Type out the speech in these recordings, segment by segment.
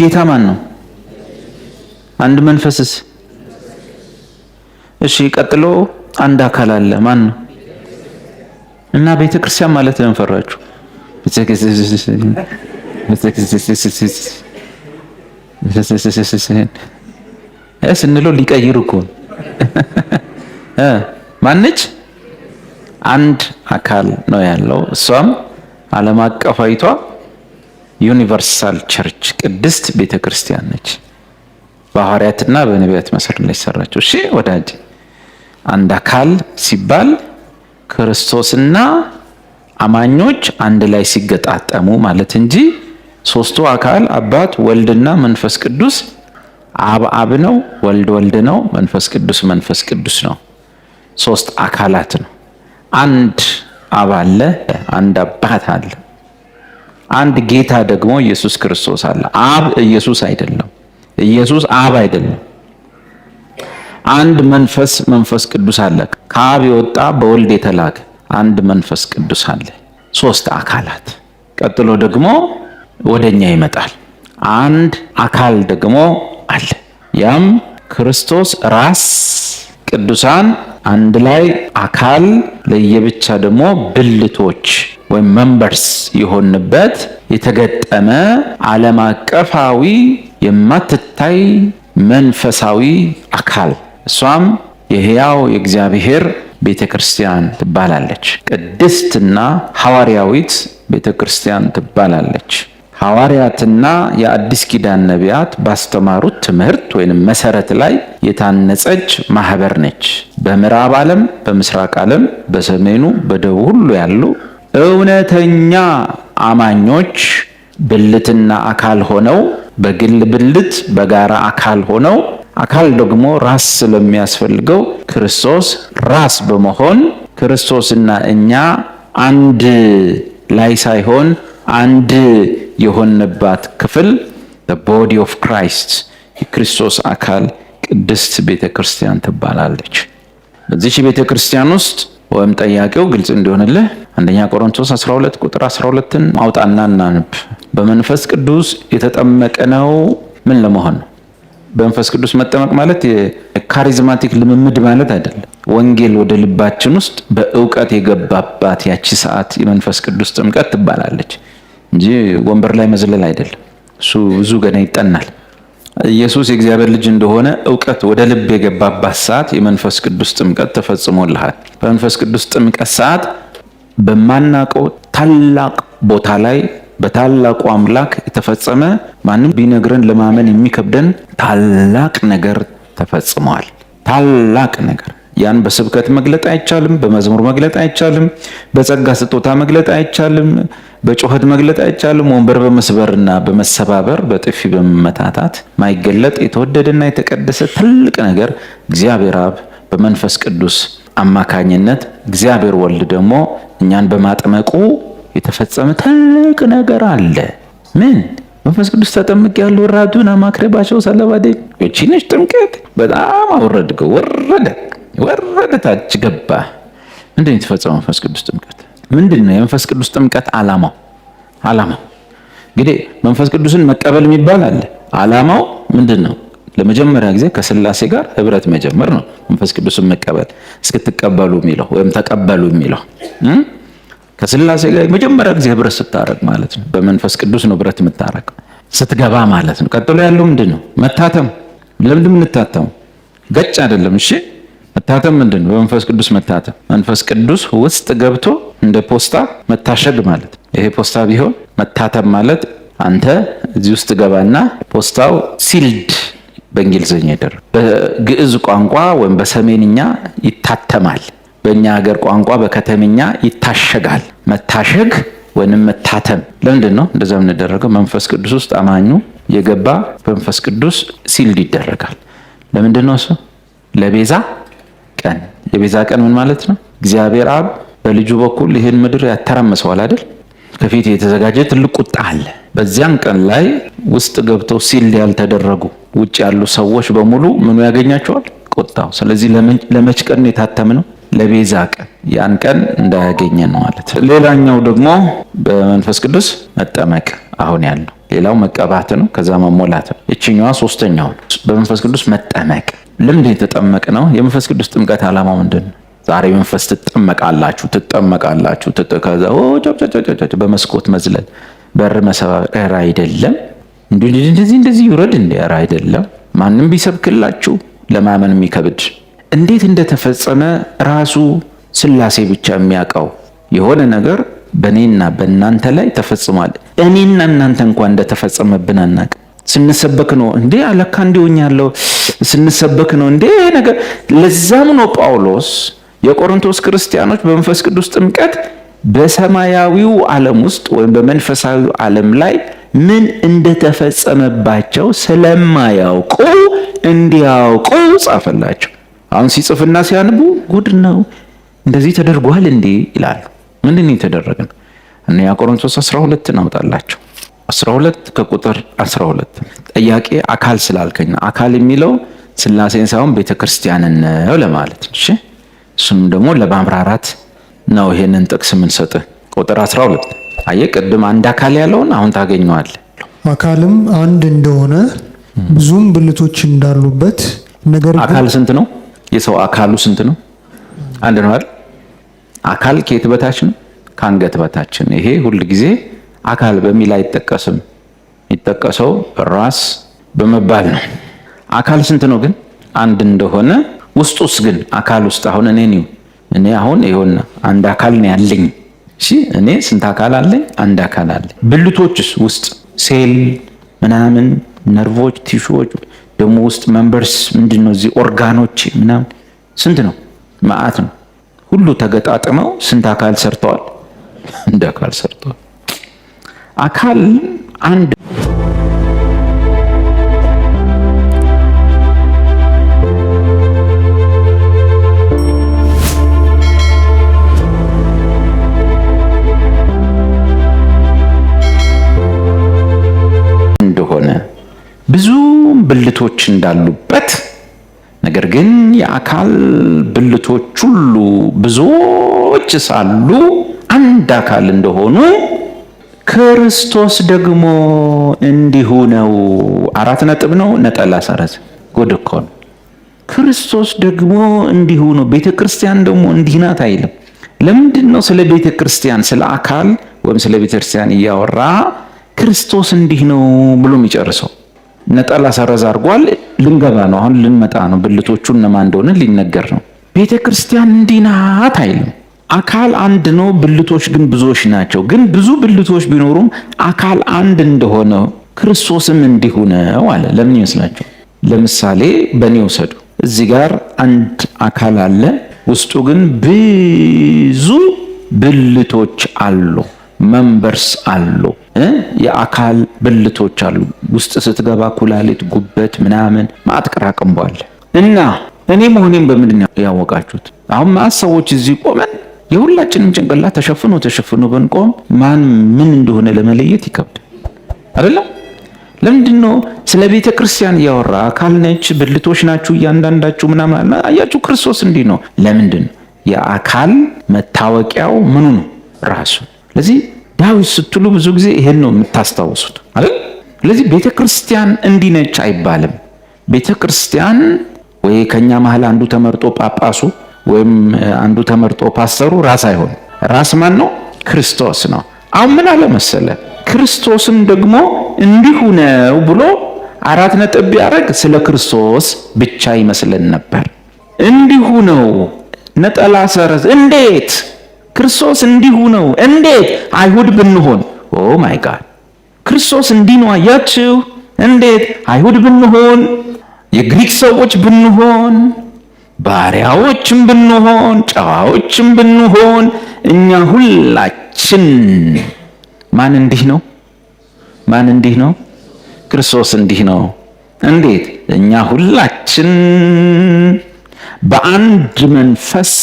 ጌታ ማን ነው? አንድ መንፈስስ? እሺ፣ ቀጥሎ አንድ አካል አለ ማን ነው? እና ቤተ ክርስቲያን ማለት ለምን ፈራችሁ? ስንለው ሊቀይር እኮ ማነች? አንድ አካል ነው ያለው። እሷም ዓለም አቀፋዊቷ ዩኒቨርሳል ቸርች ቅድስት ቤተ ክርስቲያን ነች። በሐዋርያትና በነቢያት መሰረት ላይ ሰራችው። እሺ ወዳጅ፣ አንድ አካል ሲባል ክርስቶስና አማኞች አንድ ላይ ሲገጣጠሙ ማለት እንጂ ሶስቱ አካል አባት ወልድና መንፈስ ቅዱስ አብ አብ ነው፣ ወልድ ወልድ ነው፣ መንፈስ ቅዱስ መንፈስ ቅዱስ ነው። ሶስት አካላት ነው። አንድ አብ አለ፣ አንድ አባት አለ። አንድ ጌታ ደግሞ ኢየሱስ ክርስቶስ አለ። አብ ኢየሱስ አይደለም፣ ኢየሱስ አብ አይደለም። አንድ መንፈስ መንፈስ ቅዱስ አለ። ከአብ የወጣ በወልድ የተላከ አንድ መንፈስ ቅዱስ አለ። ሶስት አካላት። ቀጥሎ ደግሞ ወደኛ ይመጣል። አንድ አካል ደግሞ አለ። ያም ክርስቶስ ራስ፣ ቅዱሳን አንድ ላይ አካል ለየብቻ ደግሞ ብልቶች ወይም መንበርስ የሆንበት የተገጠመ ዓለም አቀፋዊ የማትታይ መንፈሳዊ አካል እሷም የሕያው የእግዚአብሔር ቤተ ክርስቲያን ትባላለች። ቅድስትና ሐዋርያዊት ቤተ ክርስቲያን ትባላለች። ሐዋርያትና የአዲስ ኪዳን ነቢያት ባስተማሩት ትምህርት ወይም መሰረት ላይ የታነጸች ማህበር ነች። በምዕራብ ዓለም፣ በምስራቅ ዓለም፣ በሰሜኑ፣ በደቡብ ሁሉ ያሉ እውነተኛ አማኞች ብልትና አካል ሆነው በግል ብልት በጋራ አካል ሆነው አካል ደግሞ ራስ ስለሚያስፈልገው ክርስቶስ ራስ በመሆን ክርስቶስና እኛ አንድ ላይ ሳይሆን አንድ የሆንባት ክፍል ቦዲ ኦፍ ክራይስት የክርስቶስ አካል ቅድስት ቤተ ክርስቲያን ትባላለች። እዚች ቤተ ክርስቲያን ውስጥ ወይም ጠያቄው ግልጽ እንዲሆንልህ አንደኛ ቆሮንቶስ 12 ቁጥር 12ን አውጣና እናንብ። በመንፈስ ቅዱስ የተጠመቀ ነው ምን ለመሆን ነው? በመንፈስ ቅዱስ መጠመቅ ማለት የካሪዝማቲክ ልምምድ ማለት አይደለም። ወንጌል ወደ ልባችን ውስጥ በእውቀት የገባባት ያቺ ሰዓት የመንፈስ ቅዱስ ጥምቀት ትባላለች እንጂ ወንበር ላይ መዝለል አይደለም። እሱ ብዙ ገና ይጠናል። ኢየሱስ የእግዚአብሔር ልጅ እንደሆነ እውቀት ወደ ልብ የገባባት ሰዓት የመንፈስ ቅዱስ ጥምቀት ተፈጽሞልሃል። በመንፈስ ቅዱስ ጥምቀት ሰዓት በማናቀው ታላቅ ቦታ ላይ በታላቁ አምላክ የተፈጸመ ማንም ቢነግረን ለማመን የሚከብደን ታላቅ ነገር ተፈጽመዋል። ታላቅ ነገር ያን በስብከት መግለጥ አይቻልም፣ በመዝሙር መግለጥ አይቻልም፣ በጸጋ ስጦታ መግለጥ አይቻልም፣ በጩኸት መግለጥ አይቻልም። ወንበር በመስበርና በመሰባበር በጥፊ በመመታታት ማይገለጥ የተወደደና የተቀደሰ ትልቅ ነገር እግዚአብሔር አብ በመንፈስ ቅዱስ አማካኝነት እግዚአብሔር ወልድ ደግሞ እኛን በማጥመቁ የተፈጸመ ትልቅ ነገር አለ። ምን መንፈስ ቅዱስ ተጠምቅ ያሉ ራዱን አማክሬ ባቸው ሰለባዴ እቺ ጥምቀት። በጣም አወረድከው ወረደ። ወረደ ታች ገባ። ምንድን ነው የተፈጸመው መንፈስ ቅዱስ ጥምቀት? ምንድን ነው የመንፈስ ቅዱስ ጥምቀት አላማው አላማው እንግዲህ መንፈስ ቅዱስን መቀበል የሚባል አለ። ዓላማው ምንድን ነው? ለመጀመሪያ ጊዜ ከስላሴ ጋር ህብረት መጀመር ነው። መንፈስ ቅዱስን መቀበል እስክትቀበሉ የሚለው ወይም ተቀበሉ የሚለው ከስላሴ ጋር የመጀመሪያ ጊዜ ህብረት ስታረግ ማለት ነው። በመንፈስ ቅዱስ ነው ህብረት የምታረግ ስትገባ ማለት ነው። ቀጥሎ ያለው ምንድን ነው? መታተም። ለምንድን የምንታተመው? ገጭ አይደለም። እሺ መታተም ምንድን ነው? በመንፈስ ቅዱስ መታተም መንፈስ ቅዱስ ውስጥ ገብቶ እንደ ፖስታ መታሸግ ማለት ነው። ይሄ ፖስታ ቢሆን መታተም ማለት አንተ እዚህ ውስጥ ገባና ፖስታው ሲልድ በእንግሊዝኛ ይደረ በግዕዝ ቋንቋ ወይም በሰሜንኛ ይታተማል። በእኛ ሀገር ቋንቋ በከተምኛ ይታሸጋል። መታሸግ ወይንም መታተም ለምንድን ነው እንደዛ የምንደረገው? መንፈስ ቅዱስ ውስጥ አማኙ የገባ መንፈስ ቅዱስ ሲልድ ይደረጋል። ለምንድን ነው እሱ ለቤዛ ቀን የቤዛ ቀን ምን ማለት ነው? እግዚአብሔር አብ በልጁ በኩል ይህን ምድር ያተራመሰዋል አይደል? ከፊት የተዘጋጀ ትልቅ ቁጣ አለ። በዚያን ቀን ላይ ውስጥ ገብተው ሲል ያልተደረጉ ውጭ ያሉ ሰዎች በሙሉ ምኑ ያገኛቸዋል? ቁጣው። ስለዚህ ለመች ቀን የታተም ነው? ለቤዛ ቀን። ያን ቀን እንዳያገኘን ማለት ነው። ሌላኛው ደግሞ በመንፈስ ቅዱስ መጠመቅ አሁን ያለው ሌላው መቀባት ነው። ከዛ መሞላት ነው። ይችኛዋ ሶስተኛው በመንፈስ ቅዱስ መጠመቅ ለምንድን ነው የመንፈስ ቅዱስ ጥምቀት ዓላማው ምንድን ዛሬ መንፈስ ትጠመቃላችሁ ትጠመቃላችሁ። ከዛ በመስኮት መዝለል በር መሰባበር፣ ኧረ አይደለም። እንደዚህ እንደዚህ ይውረድ እንደ ኧረ አይደለም። ማንም ቢሰብክላችሁ ለማመን የሚከብድ እንዴት እንደተፈጸመ ራሱ ስላሴ ብቻ የሚያውቀው የሆነ ነገር በእኔና በእናንተ ላይ ተፈጽሟል። እኔና እናንተ እንኳን እንደተፈጸመብን አናውቅም። ስንሰበክ ነው እንዴ አለካ እንዲሆኝ ያለው ስንሰበክ ነው እንዴ ነገር። ለዛም ነው ጳውሎስ የቆሮንቶስ ክርስቲያኖች በመንፈስ ቅዱስ ጥምቀት በሰማያዊው ዓለም ውስጥ ወይም በመንፈሳዊው ዓለም ላይ ምን እንደተፈጸመባቸው ስለማያውቁ እንዲያውቁ ጻፈላቸው። አሁን ሲጽፍና ሲያንቡ ጉድ ነው እንደዚህ ተደርጓል እንዴ ይላሉ። ምንድን የተደረገ ነው? እና ቆሮንቶስ 12 አውጣላቸው። 12 ከቁጥር 12 ጥያቄ አካል ስላልከኝ ነው። አካል የሚለው ስላሴን ሳይሆን ቤተክርስቲያንን ነው ለማለት እሺ። እሱም ደግሞ ለማብራራት ነው ይሄንን ጥቅስ የምንሰጥ ቁጥር 12 አየ ቅድም አንድ አካል ያለውን አሁን ታገኘዋል። አካልም አንድ እንደሆነ ብዙም ብልቶች እንዳሉበት ነገር አካል ስንት ነው? የሰው አካሉ ስንት ነው? አንድ ነው አይደል? አካል ከየት በታች ነው? ከአንገት በታችን። ይሄ ሁልጊዜ ጊዜ አካል በሚል አይጠቀስም። የሚጠቀሰው ራስ በመባል ነው። አካል ስንት ነው ግን? አንድ እንደሆነ ውስጡስ ግን አካል ውስጥ አሁን እኔ ነኝ። እኔ አሁን ይኸውና አንድ አካል ነው ያለኝ። እሺ እኔ ስንት አካል አለኝ? አንድ አካል አለ። ብልቶችስ ውስጥ ሴል ምናምን ነርቮች፣ ቲሹዎች ደግሞ ውስጥ መንበርስ ምንድን ነው እዚህ ኦርጋኖች ምናምን ስንት ነው? መዓት ነው። ሁሉ ተገጣጥመው ስንት አካል ሰርተዋል? አንድ አካል ሰርተዋል። አካል አንድ እንደሆነ ብዙ ብልቶች እንዳሉበት ነገር ግን የአካል ብልቶች ሁሉ ብዙዎች ሳሉ አንድ አካል እንደሆኑ ክርስቶስ ደግሞ እንዲሁ ነው። አራት ነጥብ ነው። ነጠላ ሰረዝ ጎድ እኮ ነው። ክርስቶስ ደግሞ እንዲሁ ነው። ቤተ ክርስቲያን ደግሞ እንዲህ ናት አይልም። ለምንድን ነው ስለ ቤተ ክርስቲያን ስለ አካል ወይም ስለ ቤተ ክርስቲያን እያወራ ክርስቶስ እንዲህ ነው ብሎ የሚጨርሰው? ነጠላ ሰረዝ አድርጓል። ልንገባ ነው አሁን ልንመጣ ነው። ብልቶቹ እነማን እንደሆነ ሊነገር ነው። ቤተ ክርስቲያን እንዲህ ናት አይልም። አካል አንድ ነው፣ ብልቶች ግን ብዙዎች ናቸው። ግን ብዙ ብልቶች ቢኖሩም አካል አንድ እንደሆነ ክርስቶስም እንዲሁ ነው አለ። ለምን ይመስላቸው? ለምሳሌ በእኔ ውሰዱ። እዚህ ጋር አንድ አካል አለ፣ ውስጡ ግን ብዙ ብልቶች አሉ፣ መንበርስ አሉ፣ የአካል ብልቶች አሉ። ውስጥ ስትገባ ኩላሊት፣ ጉበት ምናምን ማዕት ቅራቅንቧል እና እኔ መሆኔም በምንድን ያወቃችሁት? አሁን ማዕት ሰዎች እዚህ ቆመን የሁላችንም ጭንቅላት ተሸፍኖ ተሸፍኖ ብንቆም ማን ምን እንደሆነ ለመለየት ይከብዳል። አይደለም? ለምንድን ነው ስለ ቤተ ክርስቲያን እያወራ አካል ነች፣ ብልቶች ናችሁ እያንዳንዳችሁ ምናምን አያችሁ። ክርስቶስ እንዲህ ነው። ለምንድን ነው የአካል መታወቂያው ምኑ ነው? ራሱ። ስለዚህ ዳዊት ስትሉ ብዙ ጊዜ ይሄን ነው የምታስታውሱት አይደል? ስለዚህ ቤተ ክርስቲያን እንዲህ ነች አይባልም። ቤተ ክርስቲያን ወይ ከእኛ መሀል አንዱ ተመርጦ ጳጳሱ ወይም አንዱ ተመርጦ ፓስተሩ ራስ አይሆን። ራስ ማን ነው? ክርስቶስ ነው። አሁን ምን አለ መሰለ ክርስቶስም ደግሞ እንዲሁ ነው ብሎ አራት ነጥብ ቢያደርግ ስለ ክርስቶስ ብቻ ይመስለን ነበር። እንዲሁ ነው ነጠላ ሰረዝ እንዴት ክርስቶስ እንዲሁ ነው እንዴት አይሁድ ብንሆን ኦ ማይ ጋድ ክርስቶስ እንዲህ ነው አያችሁ እንዴት አይሁድ ብንሆን የግሪክ ሰዎች ብንሆን ባሪያዎችም ብንሆን ጨዋዎችም ብንሆን እኛ ሁላችን ማን እንዲህ ነው? ማን እንዲህ ነው? ክርስቶስ እንዲህ ነው። እንዴት? እኛ ሁላችን በአንድ መንፈስ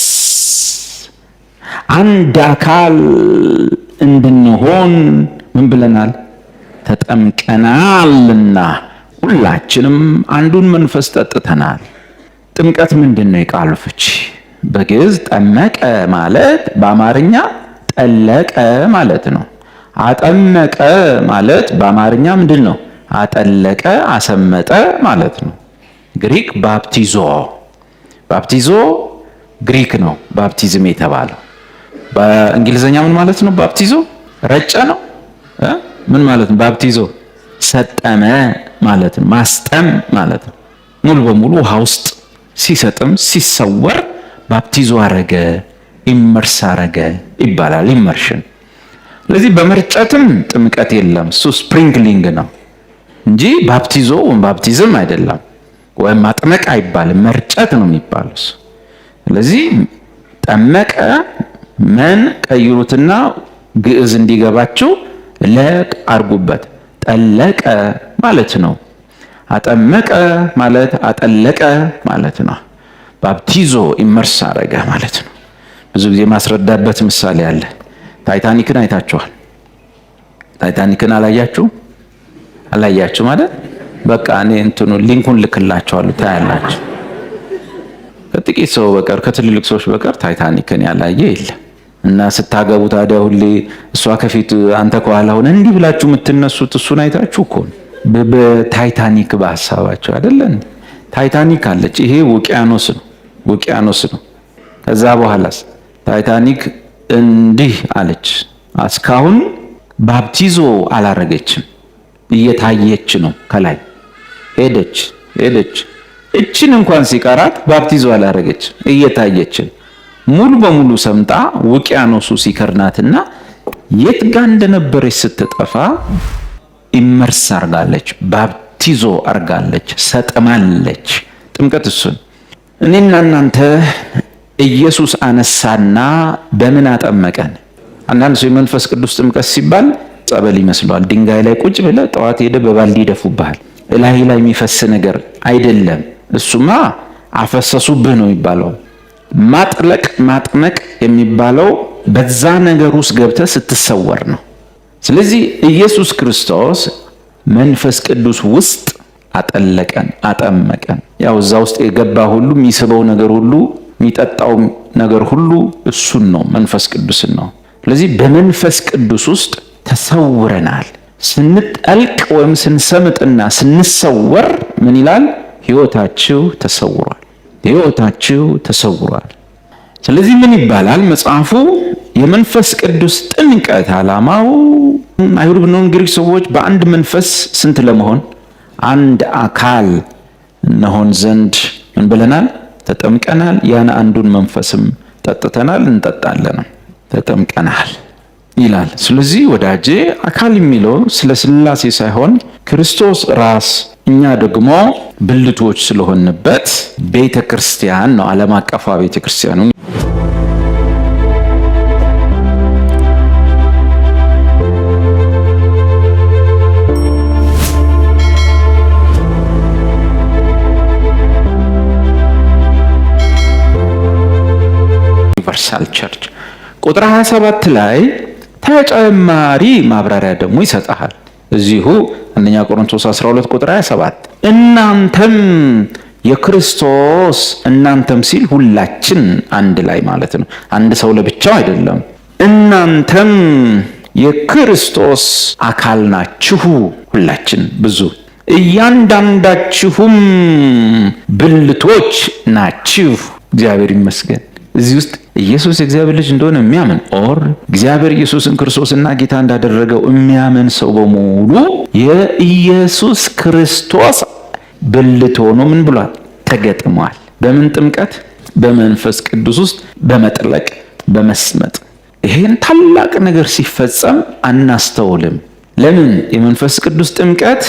አንድ አካል እንድንሆን ምን ብለናል? ተጠምቀናልና ሁላችንም አንዱን መንፈስ ጠጥተናል። ጥምቀት ምንድን ነው? የቃሉ ፍቺ በግዕዝ ጠመቀ ማለት በአማርኛ ጠለቀ ማለት ነው። አጠመቀ ማለት በአማርኛ ምንድን ነው? አጠለቀ፣ አሰመጠ ማለት ነው። ግሪክ ባፕቲዞ ባፕቲዞ ግሪክ ነው ባፕቲዝም የተባለው በእንግሊዘኛ ምን ማለት ነው? ባፕቲዞ ረጨ ነው። ምን ማለት ነው? ባፕቲዞ ሰጠመ ማለት ነው። ማስጠም ማለት ነው። ሙሉ በሙሉ ውሃ ውስጥ ሲሰጥም ሲሰወር ባፕቲዞ አረገ፣ ኢመርስ አረገ ይባላል። ኢመርሽን ስለዚህ በመርጨትም ጥምቀት የለም። እሱ ስፕሪንክሊንግ ነው እንጂ ባፕቲዞ ወይም ባፕቲዝም አይደለም፣ ወይም ማጥመቅ አይባልም። መርጨት ነው የሚባለው። ስለዚህ ጠመቀ መን ቀይሩትና ግዕዝ እንዲገባችው ለቅ አርጉበት። ጠለቀ ማለት ነው። አጠመቀ ማለት አጠለቀ ማለት ነው። ባፕቲዞ ኢመርስ አረገ ማለት ነው። ብዙ ጊዜ ማስረዳበት ምሳሌ አለ። ታይታኒክን አይታችኋል። ታይታኒክን አላያችሁ አላያችሁ ማለት በቃ እኔ እንትኑ ሊንኩን ልክላችኋለሁ ታያላችሁ። ከጥቂት ሰው በቀር ከትልልቅ ሰዎች በቀር ታይታኒክን ያላየ የለም። እና ስታገቡ ታዲያ ሁሌ እሷ ከፊት አንተ ከኋላ ሆነ እንዲህ ብላችሁ የምትነሱት እሱን አይታችሁ እኮ ነው። በታይታኒክ በሀሳባቸው አይደለን። ታይታኒክ አለች። ይሄ ውቅያኖስ ነው፣ ውቅያኖስ ነው። ከዛ በኋላስ ታይታኒክ እንዲህ አለች። እስካሁን ባፕቲዞ አላረገችም፣ እየታየች ነው ከላይ ሄደች ሄደች። እችን እንኳን ሲቀራት ባፕቲዞ አላረገች፣ እየታየች ሙሉ በሙሉ ሰምጣ ውቅያኖሱ ሲከርናትና የት ጋ እንደነበረች ስትጠፋ ኢመርስ አርጋለች፣ ባፕቲዞ አርጋለች፣ ሰጥማለች። ጥምቀት እሱን እኔና እናንተ ኢየሱስ አነሳና በምን አጠመቀን? አንዳንድ ሰው የመንፈስ ቅዱስ ጥምቀት ሲባል ጸበል ይመስለዋል። ድንጋይ ላይ ቁጭ ብለ ጠዋት ሄደ በባልዲ ይደፉብሃል። እላይ ላይ የሚፈስ ነገር አይደለም። እሱማ አፈሰሱብህ ነው የሚባለው። ማጥለቅ ማጥመቅ የሚባለው በዛ ነገር ውስጥ ገብተ ስትሰወር ነው። ስለዚህ ኢየሱስ ክርስቶስ መንፈስ ቅዱስ ውስጥ አጠለቀን አጠመቀን። ያው እዛ ውስጥ የገባ ሁሉ የሚስበው ነገር ሁሉ የሚጠጣው ነገር ሁሉ እሱን ነው፣ መንፈስ ቅዱስን ነው። ስለዚህ በመንፈስ ቅዱስ ውስጥ ተሰውረናል። ስንጠልቅ ወይም ስንሰምጥና ስንሰወር ምን ይላል? ሕይወታችሁ ተሰውሯል፣ ሕይወታችሁ ተሰውሯል። ስለዚህ ምን ይባላል መጽሐፉ? የመንፈስ ቅዱስ ጥምቀት ዓላማው አይሁድ ብንሆን ግሪክ ሰዎች በአንድ መንፈስ ስንት ለመሆን አንድ አካል እንሆን ዘንድ ምን ብለናል? ተጠምቀናል። ያን አንዱን መንፈስም ጠጥተናል፣ እንጠጣለን፣ ተጠምቀናል ይላል። ስለዚህ ወዳጄ አካል የሚለው ስለ ስላሴ ሳይሆን ክርስቶስ ራስ እኛ ደግሞ ብልቶች ስለሆንበት ቤተ ክርስቲያን ነው ዓለም አቀፋ ቤተ ክርስቲያኑ ዩኒቨርሳል ቸርች ቁጥር 27 ላይ ተጨማሪ ማብራሪያ ደግሞ ይሰጠሃል። እዚሁ አንደኛ ቆሮንቶስ 12 ቁጥር 27 እናንተም የክርስቶስ እናንተም ሲል ሁላችን አንድ ላይ ማለት ነው። አንድ ሰው ለብቻው አይደለም። እናንተም የክርስቶስ አካል ናችሁ፣ ሁላችን ብዙ እያንዳንዳችሁም ብልቶች ናችሁ። እግዚአብሔር ይመስገን እዚህ ውስጥ ኢየሱስ የእግዚአብሔር ልጅ እንደሆነ የሚያምን ኦር እግዚአብሔር ኢየሱስን ክርስቶስና ጌታ እንዳደረገው የሚያምን ሰው በሙሉ የኢየሱስ ክርስቶስ ብልት ሆኖ ምን ብሏል? ተገጥሟል። በምን ጥምቀት? በመንፈስ ቅዱስ ውስጥ በመጥለቅ በመስመጥ። ይሄን ታላቅ ነገር ሲፈጸም አናስተውልም። ለምን? የመንፈስ ቅዱስ ጥምቀት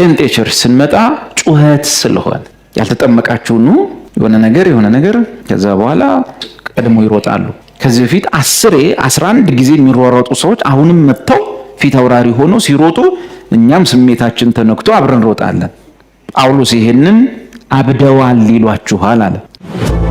ጴንጤ ቸርች ስንመጣ ጩኸት ስለሆነ ያልተጠመቃችሁ ኑ የሆነ ነገር የሆነ ነገር ከዛ በኋላ ቀድሞ ይሮጣሉ። ከዚህ በፊት አስሬ አስራ አንድ ጊዜ የሚሯረጡ ሰዎች አሁንም መጥተው ፊት አውራሪ ሆኖ ሲሮጡ እኛም ስሜታችን ተነክቶ አብረን ሮጣለን። ጳውሎስ ይሄንን አብደዋል ይሏችኋል አለ።